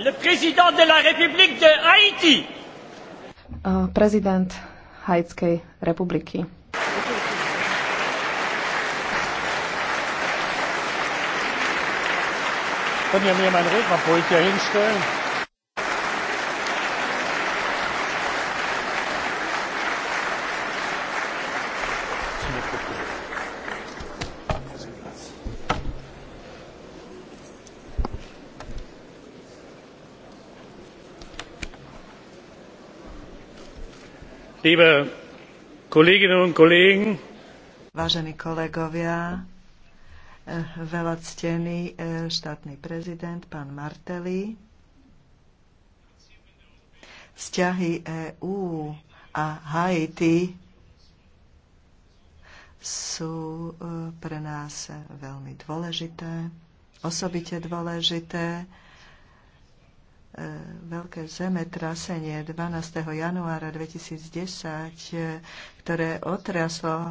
Le président de la République de Haïti. Uh, prezident Haitskej republiky. Können ja mir meinen Rednerpult hier hinstellen? liebe kolleginnen und kollegen vážení kolegovia eh, veľactený eh, štátny prezident pán Martelly vzťahy EÚ a Haiti sú eh, pre nás veľmi dôležité, osobite dôležité E, veľké zemetrasenie 12. januára 2010, e, ktoré otraslo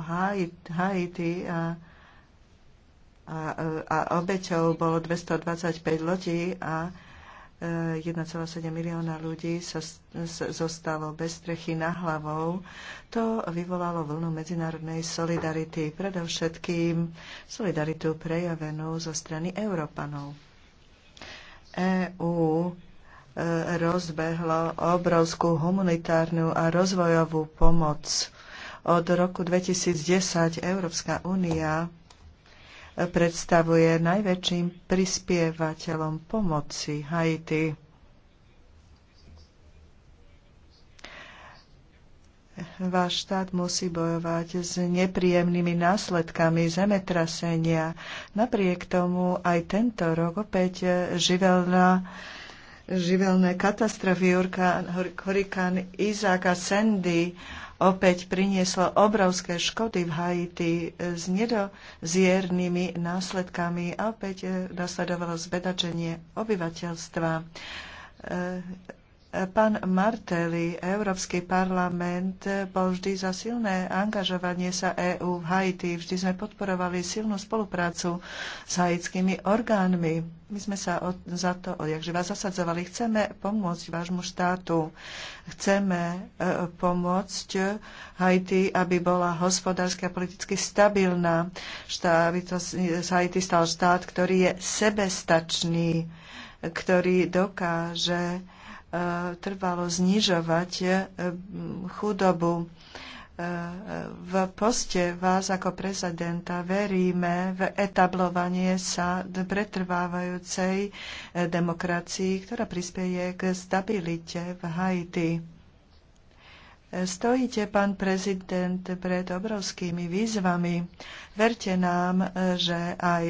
Haiti a, a, e, a obeťou bolo 225 lodí a 1,7 milióna ľudí sa zostalo bez strechy na hlavou. To vyvolalo vlnu medzinárodnej solidarity, predovšetkým solidaritu prejavenú zo strany Európanov. EU rozbehlo obrovskú humanitárnu a rozvojovú pomoc. Od roku 2010 Európska únia predstavuje najväčším prispievateľom pomoci Haiti. Váš štát musí bojovať s nepríjemnými následkami zemetrasenia. Napriek tomu aj tento rok opäť živelná živelné katastrofy hurikán Izák a Sandy opäť prinieslo obrovské škody v Haiti e, s nedoziernými následkami a opäť e, nasledovalo zbedačenie obyvateľstva e, Pán Martelli, Európsky parlament bol vždy za silné angažovanie sa EÚ v Haiti. Vždy sme podporovali silnú spoluprácu s haitskými orgánmi. My sme sa od, za to, jakže vás zasadzovali, chceme pomôcť vášmu štátu. Chceme e, pomôcť Haiti, aby bola hospodársky a politicky stabilná. Štát, aby to, z Haiti stal štát, ktorý je sebestačný, ktorý dokáže E, trvalo znižovať e, chudobu. E, v poste vás ako prezidenta veríme v etablovanie sa pretrvávajúcej demokracii, ktorá prispieje k stabilite v Haiti. Stojíte, pán prezident, pred obrovskými výzvami. Verte nám, že aj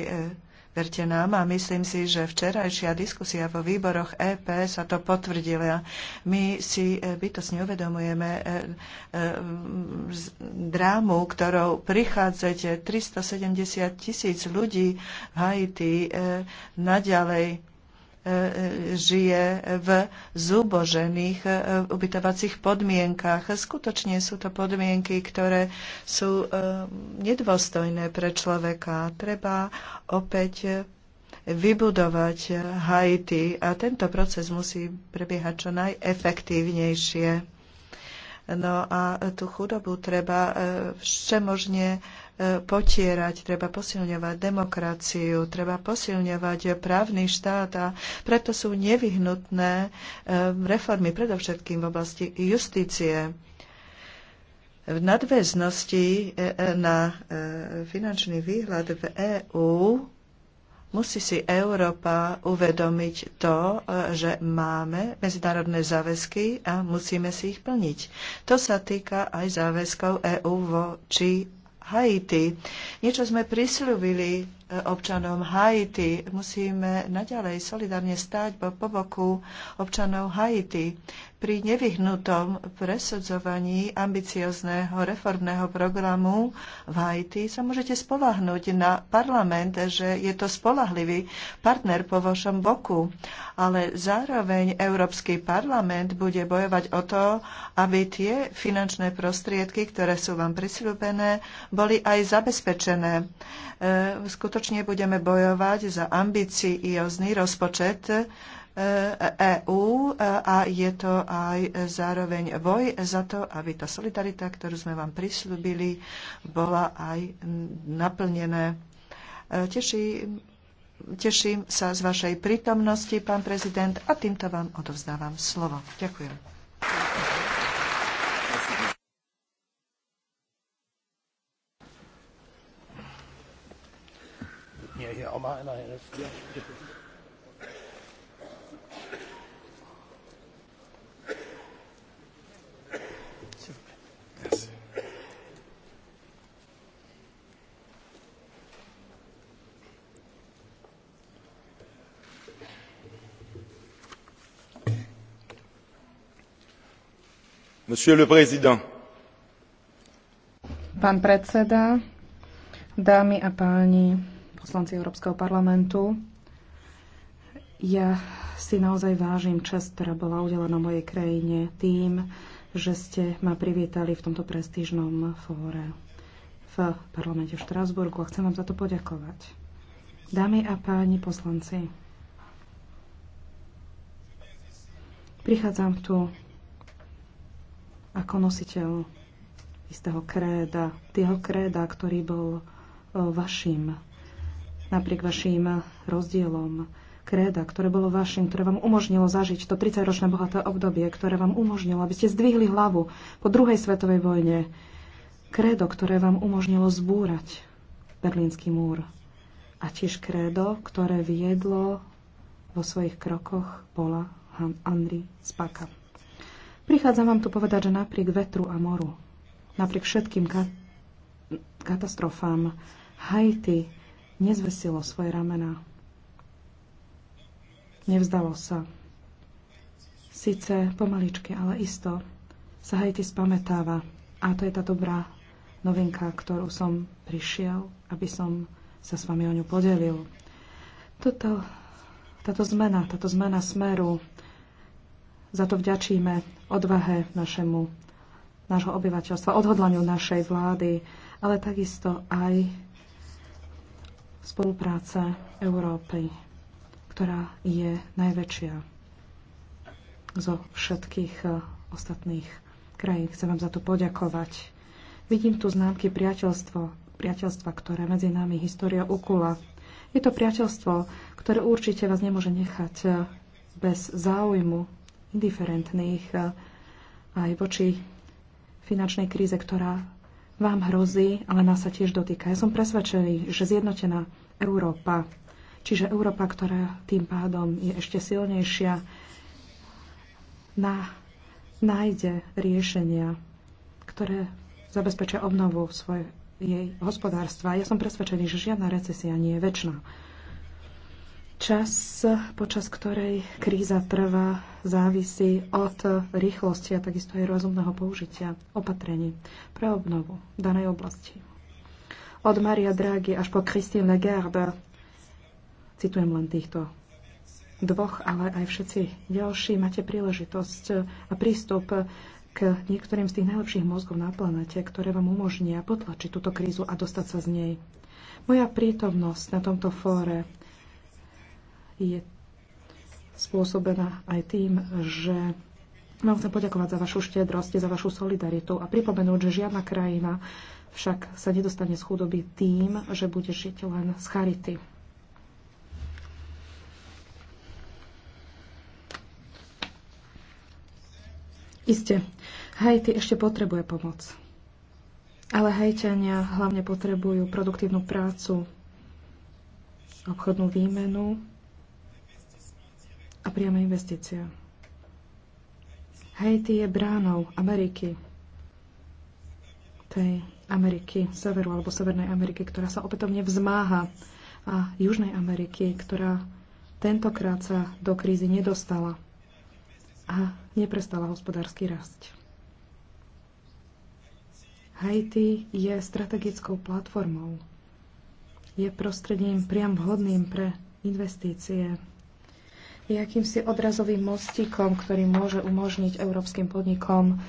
Verte nám a myslím si, že včerajšia diskusia vo výboroch EP sa to potvrdila. My si e, bytosne uvedomujeme e, e, drámu, ktorou prichádzate 370 tisíc ľudí v Haiti naďalej žije v zúbožených e, ubytovacích podmienkách. Skutočne sú to podmienky, ktoré sú e, nedôstojné pre človeka. Treba opäť vybudovať Haiti a tento proces musí prebiehať čo najefektívnejšie. No a tú chudobu treba e, všemožne potierať, treba posilňovať demokraciu, treba posilňovať právny štát a preto sú nevyhnutné e, reformy, predovšetkým v oblasti justície. V nadväznosti e, e, na finančný výhľad v EÚ musí si Európa uvedomiť to, že máme medzinárodné záväzky a musíme si ich plniť. To sa týka aj záväzkov EÚ voči Haiti. Niečo sme prisľúbili občanom Haiti. Musíme naďalej solidárne stáť po, boku občanov Haiti. Pri nevyhnutom presudzovaní ambiciozného reformného programu v Haiti sa môžete spolahnuť na parlament, že je to spolahlivý partner po vašom boku. Ale zároveň Európsky parlament bude bojovať o to, aby tie finančné prostriedky, ktoré sú vám prislúbené, boli aj zabezpečené. E, skutočne budeme bojovať za ambiciózny rozpočet EÚ e e, a je to aj zároveň boj za to, aby tá solidarita, ktorú sme vám prislúbili, bola aj naplnená. E, teší, teším sa z vašej prítomnosti, pán prezident, a týmto vám odovzdávam slovo. Ďakujem. mir hier auch mal einer hilft. Ja. Monsieur le Président, Pán predseda, dámy a páni, poslanci Európskeho parlamentu. Ja si naozaj vážim čest, ktorá bola udelená mojej krajine tým, že ste ma privítali v tomto prestížnom fóre v parlamente v Štrásburgu a chcem vám za to poďakovať. Dámy a páni poslanci, prichádzam tu ako nositeľ istého kréda, tieho kréda, ktorý bol e, vašim napriek vašim rozdielom kréda, ktoré bolo vašim, ktoré vám umožnilo zažiť to 30-ročné bohaté obdobie, ktoré vám umožnilo, aby ste zdvihli hlavu po druhej svetovej vojne, krédo, ktoré vám umožnilo zbúrať Berlínsky múr a tiež krédo, ktoré viedlo vo svojich krokoch bola Andri Spaka. Prichádzam vám tu povedať, že napriek vetru a moru, napriek všetkým ka- katastrofám, Haiti nezvesilo svoje ramená. Nevzdalo sa. Sice pomaličky, ale isto sa Haiti spametáva. A to je tá dobrá novinka, ktorú som prišiel, aby som sa s vami o ňu podelil. Toto, táto zmena, táto zmena smeru, za to vďačíme odvahe našemu, nášho obyvateľstva, odhodlaniu našej vlády, ale takisto aj spolupráca Európy, ktorá je najväčšia zo všetkých e, ostatných krajín. Chcem vám za to poďakovať. Vidím tu známky priateľstvo, priateľstva, ktoré medzi nami história ukula. Je to priateľstvo, ktoré určite vás nemôže nechať e, bez záujmu indiferentných e, aj voči finančnej kríze, ktorá vám hrozí, ale nás sa tiež dotýka. Ja som presvedčený, že zjednotená Európa, čiže Európa, ktorá tým pádom je ešte silnejšia, na, nájde riešenia, ktoré zabezpečia obnovu svojej hospodárstva. Ja som presvedčený, že žiadna recesia nie je väčšiná. Čas, počas ktorej kríza trvá, závisí od rýchlosti a takisto aj rozumného použitia opatrení pre obnovu danej oblasti. Od Maria Draghi až po Christine Lagarde, citujem len týchto dvoch, ale aj všetci ďalší, máte príležitosť a prístup k niektorým z tých najlepších mozgov na planete, ktoré vám umožnia potlačiť túto krízu a dostať sa z nej. Moja prítomnosť na tomto fóre je spôsobená aj tým, že vám chcem poďakovať za vašu štedrosť, za vašu solidaritu a pripomenúť, že žiadna krajina však sa nedostane z chudoby tým, že bude žiť len z charity. Isté, Haiti ešte potrebuje pomoc. Ale Haitiania hlavne potrebujú produktívnu prácu, obchodnú výmenu, a priame investície. Haiti je bránou Ameriky, tej Ameriky, severu alebo Severnej Ameriky, ktorá sa opätovne vzmáha a Južnej Ameriky, ktorá tentokrát sa do krízy nedostala a neprestala hospodársky rast. Haiti je strategickou platformou, je prostredím priam vhodným pre investície, je akýmsi odrazovým mostíkom, ktorý môže umožniť európskym podnikom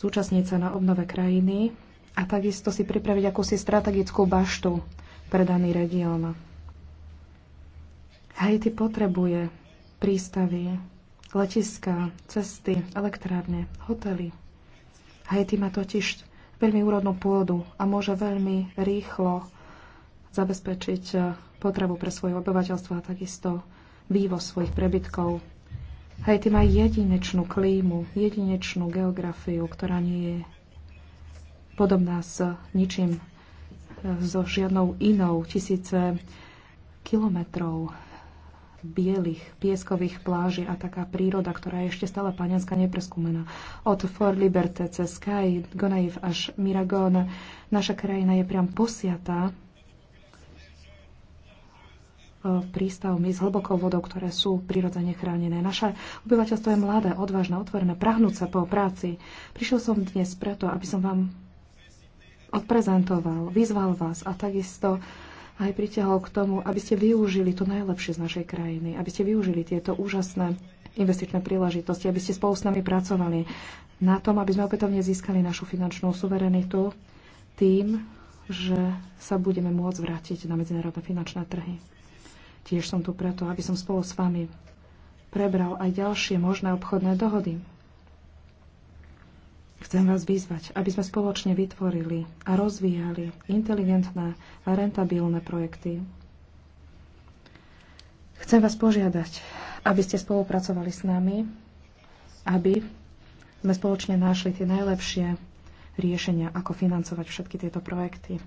zúčastniť sa na obnove krajiny a takisto si pripraviť akúsi strategickú baštu pre daný región. Haiti potrebuje prístavy, letiska, cesty, elektrárne, hotely. Haiti má totiž veľmi úrodnú pôdu a môže veľmi rýchlo zabezpečiť potrebu pre svoje obyvateľstvo a takisto vývoz svojich prebytkov. Haiti má jedinečnú klímu, jedinečnú geografiu, ktorá nie je podobná s ničím, e, so žiadnou inou. Tisíce kilometrov bielých pieskových pláží a taká príroda, ktorá je ešte stále panianská nepreskúmená. Od For Liberté cez Sky, Gonaiv až Miragon, naša krajina je priam posiatá prístavmi s hlbokou vodou, ktoré sú prirodzene chránené. Naše obyvateľstvo je mladé, odvážne, otvorené, prahnúce po práci. Prišiel som dnes preto, aby som vám odprezentoval, vyzval vás a takisto aj pritiahol k tomu, aby ste využili to najlepšie z našej krajiny, aby ste využili tieto úžasné investičné príležitosti, aby ste spolu s nami pracovali na tom, aby sme opätovne získali našu finančnú suverenitu tým, že sa budeme môcť vrátiť na medzinárodné finančné trhy. Tiež som tu preto, aby som spolu s vami prebral aj ďalšie možné obchodné dohody. Chcem vás vyzvať, aby sme spoločne vytvorili a rozvíjali inteligentné a rentabilné projekty. Chcem vás požiadať, aby ste spolupracovali s nami, aby sme spoločne našli tie najlepšie riešenia, ako financovať všetky tieto projekty.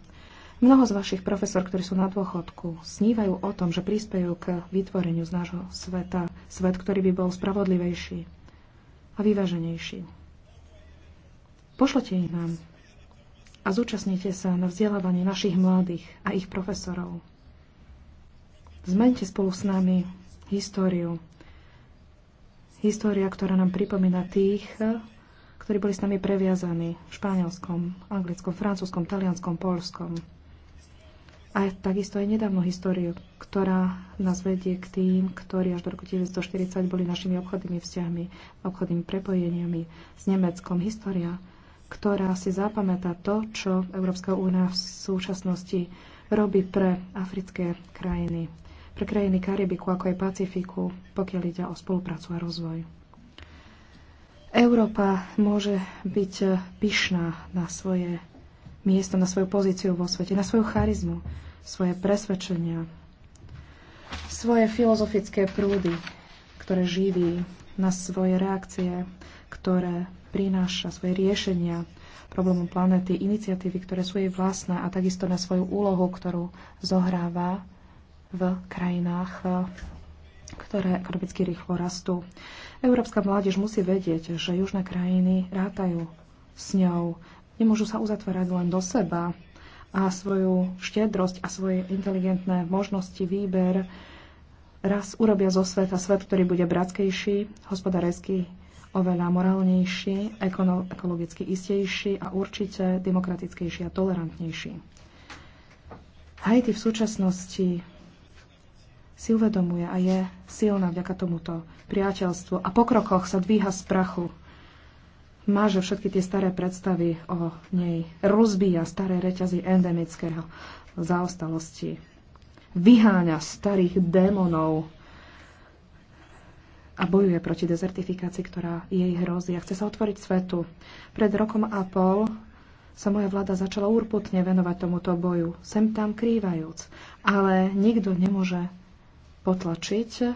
Mnoho z vašich profesor, ktorí sú na dôchodku, snívajú o tom, že prispejú k vytvoreniu z nášho sveta svet, ktorý by bol spravodlivejší a vyváženejší. Pošlete ich nám a zúčastnite sa na vzdelávanie našich mladých a ich profesorov. Zmente spolu s nami históriu. História, ktorá nám pripomína tých, ktorí boli s nami previazaní v španielskom, anglickom, francúzskom, talianskom, polskom a takisto aj nedávnu históriu, ktorá nás vedie k tým, ktorí až do roku 1940 boli našimi obchodnými vzťahmi, obchodnými prepojeniami s Nemeckom. História, ktorá si zapamätá to, čo Európska únia v súčasnosti robí pre africké krajiny, pre krajiny Karibiku ako aj Pacifiku, pokiaľ ide o spoluprácu a rozvoj. Európa môže byť pyšná na svoje miesto, na svoju pozíciu vo svete, na svoju charizmu, svoje presvedčenia, svoje filozofické prúdy, ktoré živí na svoje reakcie, ktoré prináša svoje riešenia problémom planéty, iniciatívy, ktoré sú jej vlastné a takisto na svoju úlohu, ktorú zohráva v krajinách, ktoré ekonomicky rýchlo rastú. Európska mládež musí vedieť, že južné krajiny rátajú s ňou. Nemôžu sa uzatvárať len do seba a svoju štedrosť a svoje inteligentné možnosti, výber raz urobia zo sveta svet, ktorý bude bratskejší, hospodársky oveľa morálnejší, ekologicky istejší a určite demokratickejší a tolerantnejší. Haiti v súčasnosti si uvedomuje a je silná vďaka tomuto priateľstvu a pokrokoch sa dvíha z prachu má, že všetky tie staré predstavy o nej rozbíja staré reťazy endemického zaostalosti. Vyháňa starých démonov a bojuje proti dezertifikácii, ktorá jej hrozí a chce sa otvoriť svetu. Pred rokom a pol sa moja vláda začala urputne venovať tomuto boju, sem tam krývajúc. Ale nikto nemôže potlačiť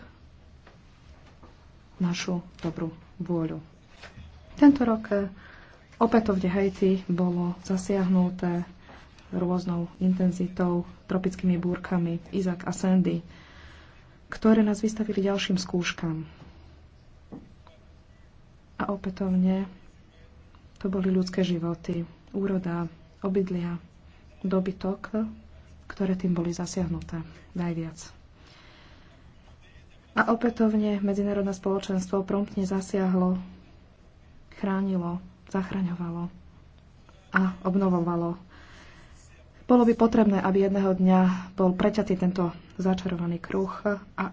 našu dobrú vôľu. Tento rok e, opätovne Haiti bolo zasiahnuté rôznou intenzitou, tropickými búrkami Izak a Sandy, ktoré nás vystavili ďalším skúškam. A opätovne to boli ľudské životy, úroda, obydlia, dobytok, ktoré tým boli zasiahnuté najviac. A opätovne medzinárodné spoločenstvo promptne zasiahlo chránilo, zachraňovalo a obnovovalo. Bolo by potrebné, aby jedného dňa bol preťatý tento začarovaný kruh a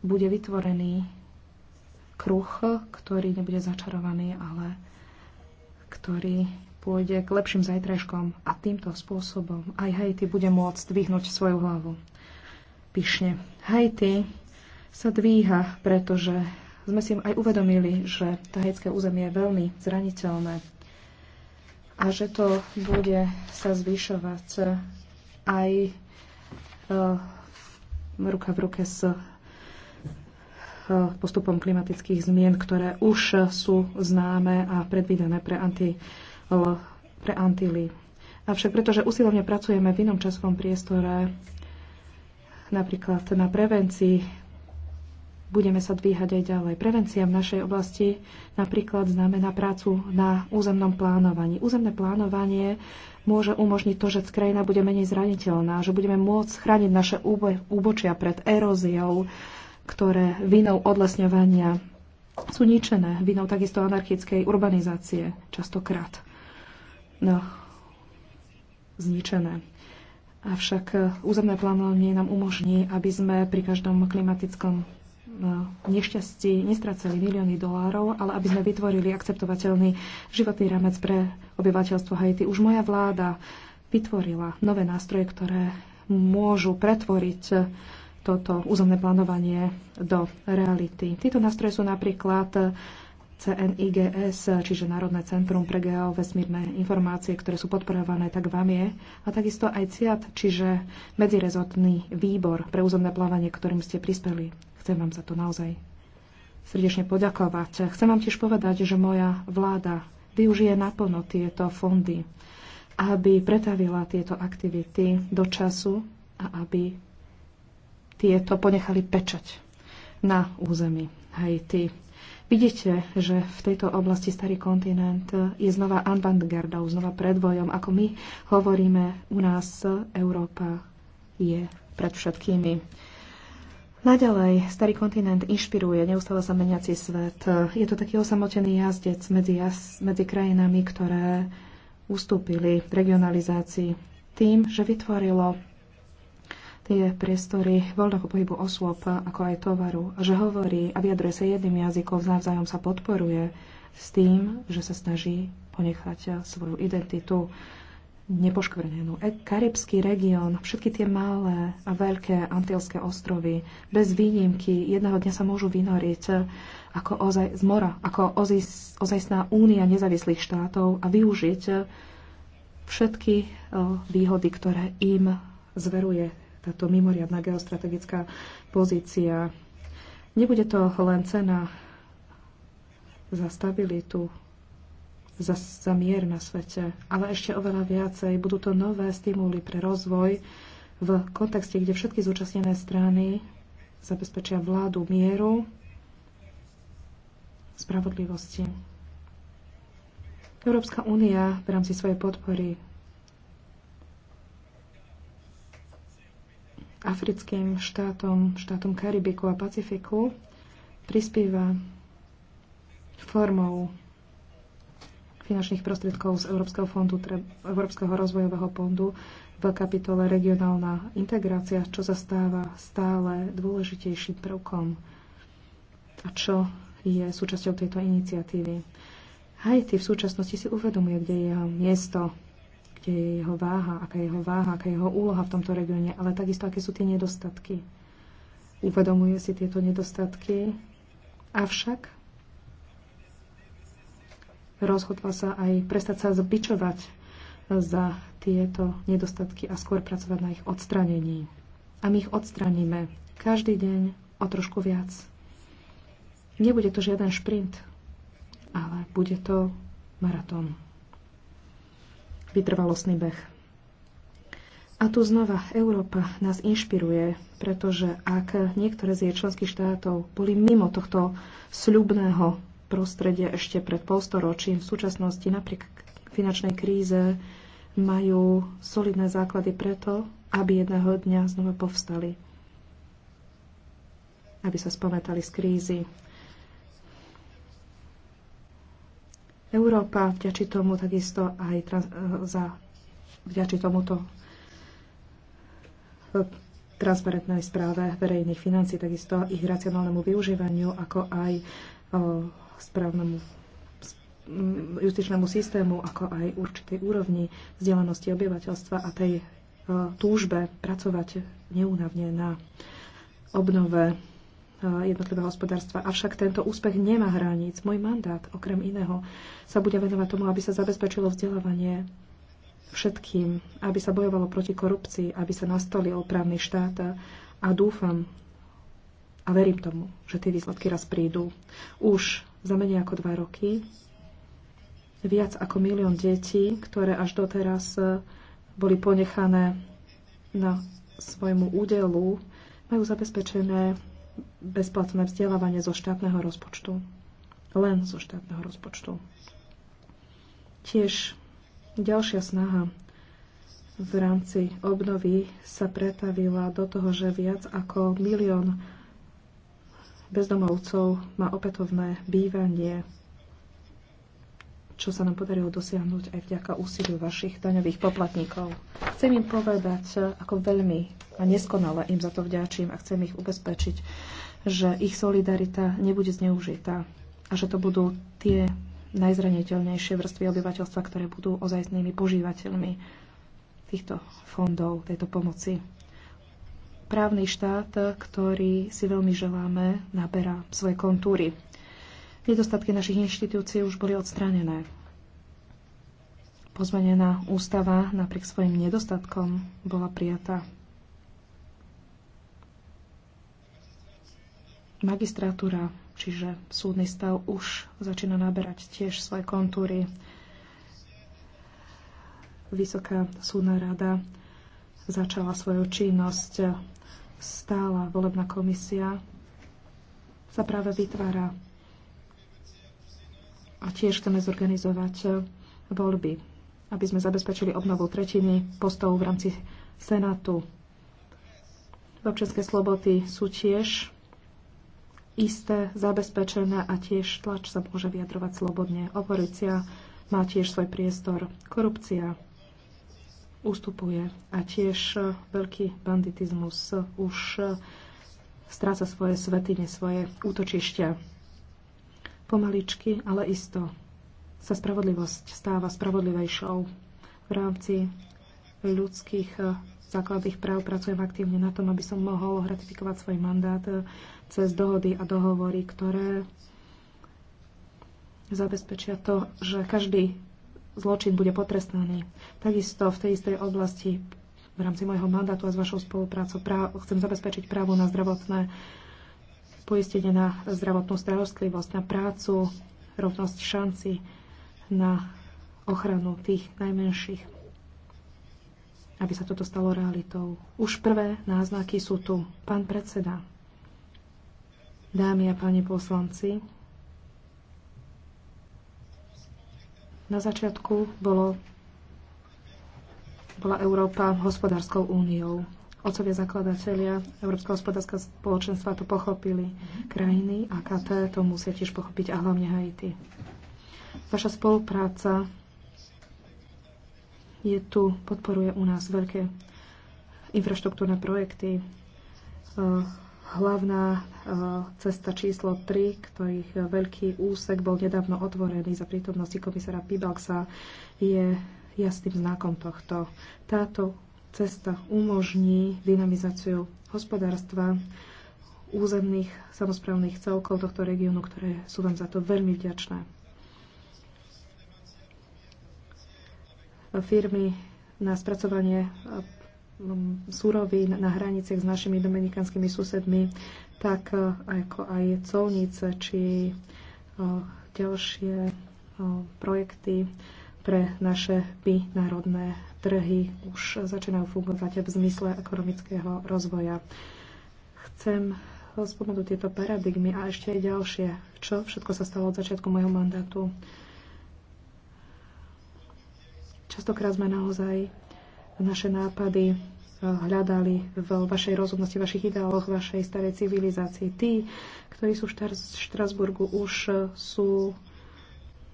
bude vytvorený kruh, ktorý nebude začarovaný, ale ktorý pôjde k lepším zajtrajškom a týmto spôsobom aj Haiti bude môcť dvihnúť svoju hlavu. Pišne. Haiti sa dvíha, pretože sme si aj uvedomili, že tahejské územie je veľmi zraniteľné a že to bude sa zvyšovať aj eh, ruka v ruke s eh, postupom klimatických zmien, ktoré už sú známe a predvídané pre, anti, eh, pre antily. Avšak pretože usilovne pracujeme v inom časovom priestore, napríklad na prevencii budeme sa dvíhať aj ďalej. Prevencia v našej oblasti napríklad znamená prácu na územnom plánovaní. Územné plánovanie môže umožniť to, že krajina bude menej zraniteľná, že budeme môcť chrániť naše úbočia pred eróziou, ktoré vinou odlesňovania sú ničené, vinou takisto anarchickej urbanizácie častokrát. No, zničené. Avšak e, územné plánovanie nám umožní, aby sme pri každom klimatickom nešťastí nestracali milióny dolárov, ale aby sme vytvorili akceptovateľný životný ramec pre obyvateľstvo Haiti. Už moja vláda vytvorila nové nástroje, ktoré môžu pretvoriť toto územné plánovanie do reality. Títo nástroje sú napríklad CNIGS, čiže Národné centrum pre geovesmírne informácie, ktoré sú podporované tak vám je, a takisto aj CIAT, čiže Medzirezortný výbor pre územné plávanie, ktorým ste prispeli Chcem vám za to naozaj srdečne poďakovať. Chcem vám tiež povedať, že moja vláda využije naplno tieto fondy, aby pretavila tieto aktivity do času a aby tieto ponechali pečať na území Haiti. Vidíte, že v tejto oblasti Starý kontinent je znova avantgardou, znova predvojom, ako my hovoríme u nás Európa je pred všetkými. Naďalej, starý kontinent inšpiruje, neustále sa meniaci svet. Je to taký osamotený jazdec medzi, jaz, medzi krajinami, ktoré ustúpili v regionalizácii tým, že vytvorilo tie priestory voľného pohybu osôb, ako aj tovaru, že hovorí a vyjadruje sa jedným jazykom, navzájom sa podporuje s tým, že sa snaží ponechať svoju identitu nepoškvrnenú. E, Karibský región, všetky tie malé a veľké antilské ostrovy, bez výnimky, jedného dňa sa môžu vynoriť e, ako ozaj, z mora, ako ozajstná únia nezávislých štátov a využiť e, všetky e, výhody, ktoré im zveruje táto mimoriadná geostrategická pozícia. Nebude to len cena za stabilitu za, za mier na svete, ale ešte oveľa viacej. Budú to nové stimuly pre rozvoj v kontexte, kde všetky zúčastnené strany zabezpečia vládu mieru, spravodlivosti. Európska únia v rámci svojej podpory africkým štátom, štátom Karibiku a Pacifiku prispieva formou finančných prostriedkov z Európskeho, fondu, Európskeho rozvojového fondu v kapitole regionálna integrácia, čo sa stáva stále dôležitejším prvkom a čo je súčasťou tejto iniciatívy. Haiti v súčasnosti si uvedomuje, kde je jeho miesto, kde je jeho váha, aká je jeho váha, aká je jeho úloha v tomto regióne, ale takisto, aké sú tie nedostatky. Uvedomuje si tieto nedostatky, avšak rozhodla sa aj prestať sa zbičovať za tieto nedostatky a skôr pracovať na ich odstranení. A my ich odstraníme každý deň o trošku viac. Nebude to žiaden šprint, ale bude to maratón. Vytrvalostný beh. A tu znova Európa nás inšpiruje, pretože ak niektoré z jej členských štátov boli mimo tohto sľubného prostredie ešte pred polstoročím. V súčasnosti napriek finančnej kríze majú solidné základy preto, aby jedného dňa znova povstali, aby sa spometali z krízy. Európa vďačí tomu takisto aj trans- za vďačí tomuto transparentnej správe verejných financí, takisto ich racionálnemu využívaniu, ako aj správnemu justičnému systému, ako aj určitej úrovni vzdelanosti obyvateľstva a tej e, túžbe pracovať neúnavne na obnove e, jednotlivého hospodárstva. Avšak tento úspech nemá hraníc. Môj mandát, okrem iného, sa bude venovať tomu, aby sa zabezpečilo vzdelávanie všetkým, aby sa bojovalo proti korupcii, aby sa nastolil právny štát a dúfam a verím tomu, že tie výsledky raz prídu. Už za menej ako dva roky viac ako milión detí, ktoré až doteraz eh, boli ponechané na svojmu údelu, majú zabezpečené bezplatné vzdelávanie zo štátneho rozpočtu. Len zo štátneho rozpočtu. Tiež ďalšia snaha v rámci obnovy sa pretavila do toho, že viac ako milión bezdomovcov má opätovné bývanie, čo sa nám podarilo dosiahnuť aj vďaka úsiliu vašich daňových poplatníkov. Chcem im povedať, eh, ako veľmi a neskonale im za to vďačím a chcem ich ubezpečiť, že ich solidarita nebude zneužitá a že to budú tie najzraniteľnejšie vrstvy obyvateľstva, ktoré budú ozajstnými požívateľmi týchto fondov, tejto pomoci právny štát, ktorý si veľmi želáme, naberá svoje kontúry. Nedostatky našich inštitúcií už boli odstranené. Pozmenená ústava napriek svojim nedostatkom bola prijatá. Magistratúra, čiže súdny stav, už začína naberať tiež svoje kontúry. Vysoká súdna rada začala svoju činnosť stála volebná komisia sa práve vytvára. A tiež chceme zorganizovať voľby, aby sme zabezpečili obnovu tretiny postov v rámci Senátu. Občianske sloboty sú tiež isté, zabezpečené a tiež tlač sa môže vyjadrovať slobodne. Oporícia má tiež svoj priestor. Korupcia ustupuje a tiež e, veľký banditizmus e, už e, stráca svoje svetine, svoje útočišťa. Pomaličky, ale isto sa spravodlivosť stáva spravodlivejšou. V rámci ľudských základných práv pracujem aktívne na tom, aby som mohol ratifikovať svoj mandát cez dohody a dohovory, ktoré zabezpečia to, že každý zločin bude potrestaný. Takisto v tej istej oblasti v rámci môjho mandátu a s vašou spoluprácou chcem zabezpečiť právo na zdravotné poistenie na zdravotnú starostlivosť, na prácu, rovnosť šanci, na ochranu tých najmenších, aby sa toto stalo realitou. Už prvé náznaky sú tu. Pán predseda, dámy a páni poslanci, Na začiatku bolo, bola Európa hospodárskou úniou. Otcovia zakladatelia Európskeho hospodárskeho spoločenstva to pochopili. Krajiny a KT to musia tiež pochopiť a hlavne Haiti. Vaša spolupráca je tu, podporuje u nás veľké infraštruktúrne projekty, eh, hlavná eh, cesta číslo 3, ktorých veľký úsek bol nedávno otvorený za prítomnosti komisára Pibalksa, je jasným znakom tohto. Táto cesta umožní dynamizáciu hospodárstva, územných samozprávnych celkov tohto regiónu, ktoré sú vám za to veľmi vďačné. Firmy na spracovanie Um, surovín na hraniciach s našimi dominikanskými susedmi, tak eh, ako aj colnice či eh, ďalšie eh, projekty pre naše národné trhy už začínajú fungovať v zmysle ekonomického rozvoja. Chcem spomenúť tieto paradigmy a ešte aj ďalšie, čo všetko sa stalo od začiatku môjho mandátu. Častokrát sme naozaj naše nápady eh, hľadali v vašej rozumnosti, vašich ideáloch, vašej starej civilizácii. Tí, ktorí sú v Štrasburgu, už eh, sú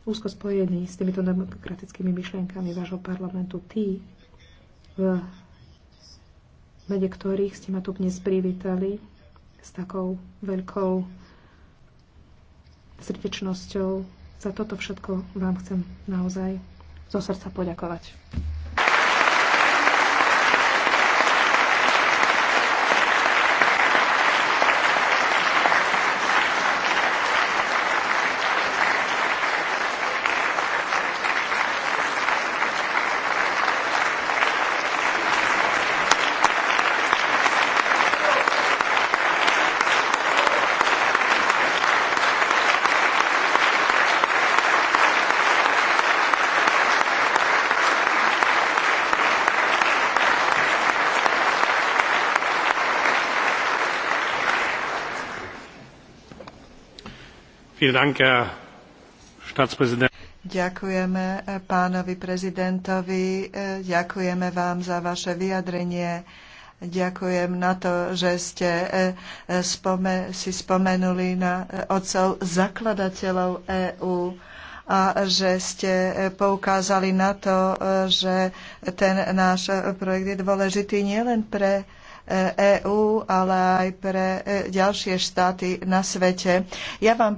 úzko spojení s týmito demokratickými myšlienkami vášho parlamentu. Tí, v eh, mede ktorých ste ma tu dnes privítali s takou veľkou srdečnosťou, za toto všetko vám chcem naozaj zo srdca poďakovať. Ďakujeme eh, pánovi prezidentovi, eh, ďakujeme vám za vaše vyjadrenie. Ďakujem na to, že ste eh, si spomenuli na otcov zakladateľov EÚ a že ste poukázali na to, že ten náš projekt je dôležitý nielen pre EÚ, e ale aj pre e, ďalšie štáty na svete. Ja vám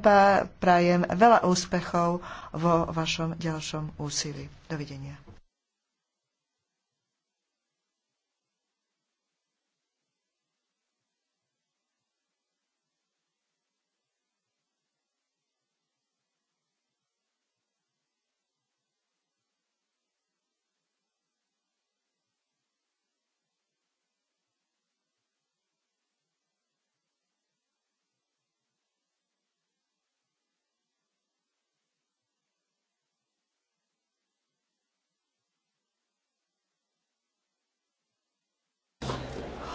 prajem veľa úspechov vo vašom ďalšom úsilí. Dovidenia.